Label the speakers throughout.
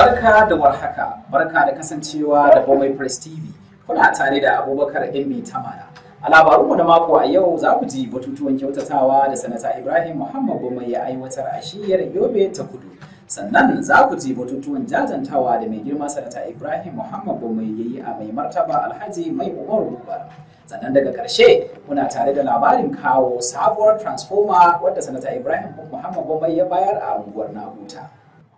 Speaker 1: Barka da warhaka, barka da kasancewa da Bombay Press TV, kuna tare da Abubakar Ilmi Tamara. A labarunmu na mako a yau za ku ji batutuwan kyautatawa da Sanata Ibrahim Muhammad Bombay ya aiwatar a shiyar Yobe ta Kudu. Sannan za ku ji batutuwan jajantawa da mai girma Sanata Ibrahim Muhammad Bombay ya yi a mai martaba Alhaji Mai Umar Bubar. sannan daga ƙarshe muna tare da labarin kawo sabuwar transformer wadda sanata ibrahim muhammad Bombay ya bayar a unguwar nahuta.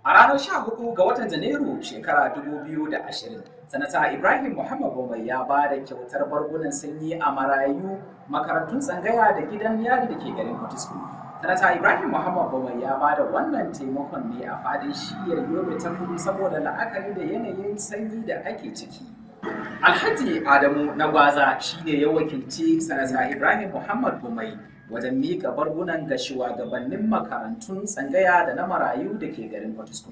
Speaker 1: A ranar sha 14 ga watan Janairu shekara 2020, Sanata Ibrahim Muhammad goma ya ba da kyautar bargunan sanyi a marayu makarantun tsangaya da gidan yari da ke garin Kutisku. Sanata Ibrahim Muhammad goma ya ba da wannan taimakon ne a fadin shiyar Yobe ta kudu saboda la'akari da yanayin sanyi da ake ciki. Alhaji Adamu na Gwaza shi ne ya wakilci Sanata Ibrahim Muhammad Bombai wajen miƙa barbunan ga gabanin makarantun tsangaya da na marayu da ke garin Portisco.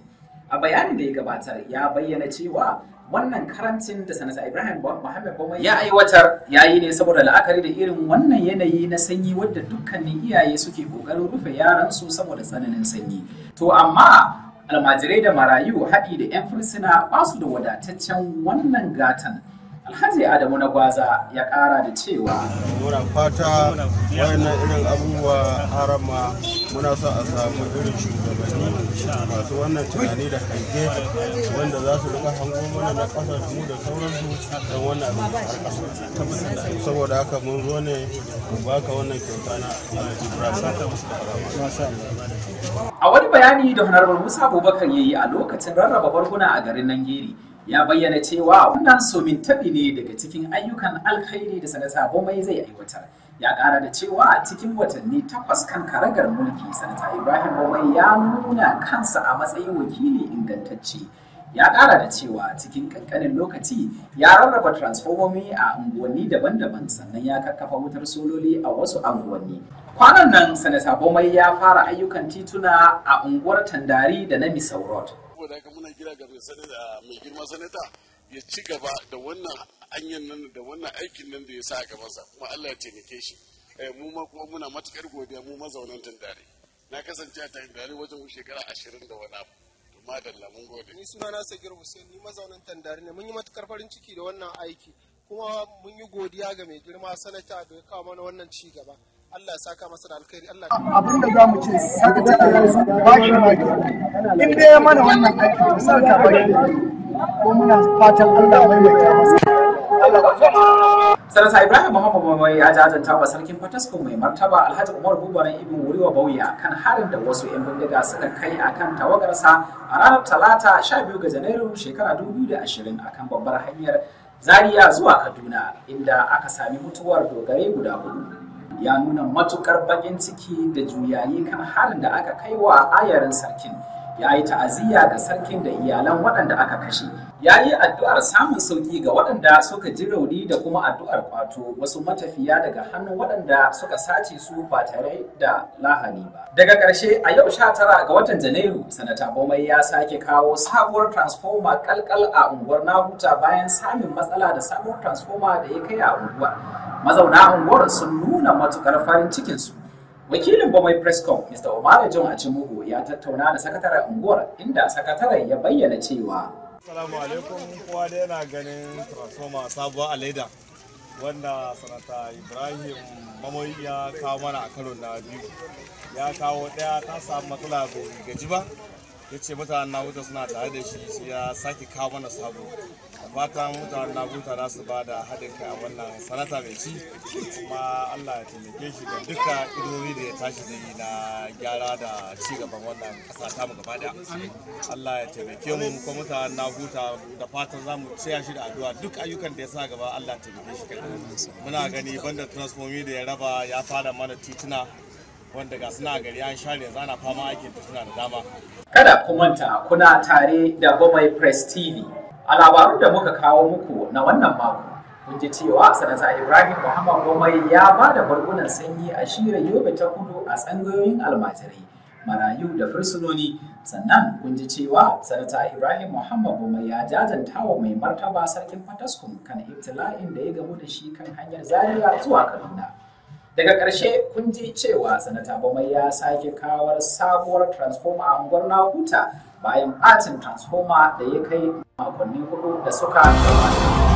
Speaker 1: A bayanin da ya gabatar ya bayyana cewa wannan karantin da sanata Ibrahim Muhammad Bama ya aiwatar ya yi ne saboda la'akari da irin wannan yanayi na sanyi wadda dukkanin iyaye suke ƙoƙarin rufe yaransu saboda tsananin sanyi. To amma almajirai da marayu haɗi da 'yan fursuna ba su da wadataccen wannan gatan alhaji adamu na gwaza ya kara da cewa muna fata wayannan irin abubuwa harama muna so a samu irin shugabanni masu wannan tunani da hange wanda za su rika hango mana na kasar mu da sauransu don wannan abin saboda haka mun zo ne mu baka wannan kyauta na a wani bayani da honorable musa abubakar ya yi a lokacin rarraba barguna a garin nangeri ya bayyana cewa wannan somintabi ne daga cikin ayyukan alkhairi da sanata bomai zai aiwatar ya kara da cewa a cikin watanni takwas kan karagar mulki sanata ibrahim bomai ya nuna kansa a matsayin wakili ingantacce ya kara da cewa cikin kankanin lokaci ya rarraba transformomi a unguwanni daban-daban sannan ya kakkafa wutar sololi a wasu unguwanni kwanan nan sanata bomai ya fara ayyukan tituna a unguwar tandari da na misaurot saboda haka muna kira ga mai girma sanata ya ci gaba da wannan hanyar nan da wannan aikin nan da ya sa a gabansa kuma Allah ya taimake shi eh, mu ma kuma muna matukar godiya mu mazaunan tandare na kasance a tandare wajen shekara ashirin da wani abu to madalla mun gode ni suna na sagir hussein ni mazaunan tandare ne mun yi matukar farin ciki da wannan aiki kuma mun yi godiya ga mai girma sanata da ya kawo mana wannan ci gaba Allah ya saka masa da alkhairi Allah abin da za mu ce sakatare ya zo ba shi maki in dai mana wannan aiki da saka ba shi ko muna fatan Allah mai mai masa Sanata Ibrahim Muhammad Mamai ya jajanta wa sarkin Fatasko mai martaba Alhaji Umar Bubaran Ibn Wuriwa Bauya kan harin da wasu 'yan bindiga suka kai a kan tawagarsa a ranar Talata 12 ga Janairu shekara 2020 akan babbar hanyar Zaria zuwa Kaduna inda aka sami mutuwar dogare guda hudu. ya nuna matukar bakin ciki da juyayi kan halin da aka kai wa ayarin sarkin ya yi ta'aziyya ga sarkin da iyalan waɗanda aka kashe ya yi addu'ar samun sauki ga waɗanda suka ji rauni da kuma addu'ar kwato wasu matafiya daga hannun waɗanda suka sace su ba tare da lahani ba daga ƙarshe a yau sha tara ga watan janairu sanata bomai ya sake kawo sabuwar transformer kalkal a unguwar nahuta bayan samun matsala da sabuwar transformer da ya kai a unguwa mazauna unguwar sun nuna matukar farin cikin su wakilin bamai prescom mr omar john achimugu ya tattauna da sakataren unguwar inda sakataren ya bayyana cewa Assalamu alaikum kowa da yana ganin transformer sabuwa a wanda sanata ibrahim mamoyi ya kawo mana a Kano na biyu ya kawo daya ta samu matsala bai gaji ba ya ce mutanen nahuta suna tare da shi sai ya sake kawo mana sabo fatan mutanen nahuta za su ba da haɗin kai a wannan sanata mai ci kuma allah ya taimake shi da duka idori da ya tashi da yi na gyara da ci gaban wannan ƙasa ta mu gaba da allah ya taimake mu kuma mutanen nahuta da fatan za mu tsaya shi da addu'a duk ayyukan da ya sa gaba allah ya taimake shi kai muna gani banda transformi da ya raba ya fara mana tituna wanda ga suna gari an share yanzu fama aikin ta da dama. Kada ku manta kuna tare da Gomai Press TV. A labarun da muka kawo muku na wannan mako, kun ji cewa sanata Ibrahim Muhammad Gomai ya ba da bargunan sanyi a shirin Yobe ta Kudu a tsangayoyin almajirai. marayu da fursunoni sannan kun ji cewa sanata ibrahim muhammad Gomai ya jajanta mai martaba sarkin fataskun kan ibtila'in da ya gamu da shi kan hanyar zariya zuwa kaduna daga ƙarshe kun ji cewa sanata bamai ya sake kawar sabuwar transformer a unguwar nakuta bayan ɓatin transformer da ya kai makonni hudu da suka gabata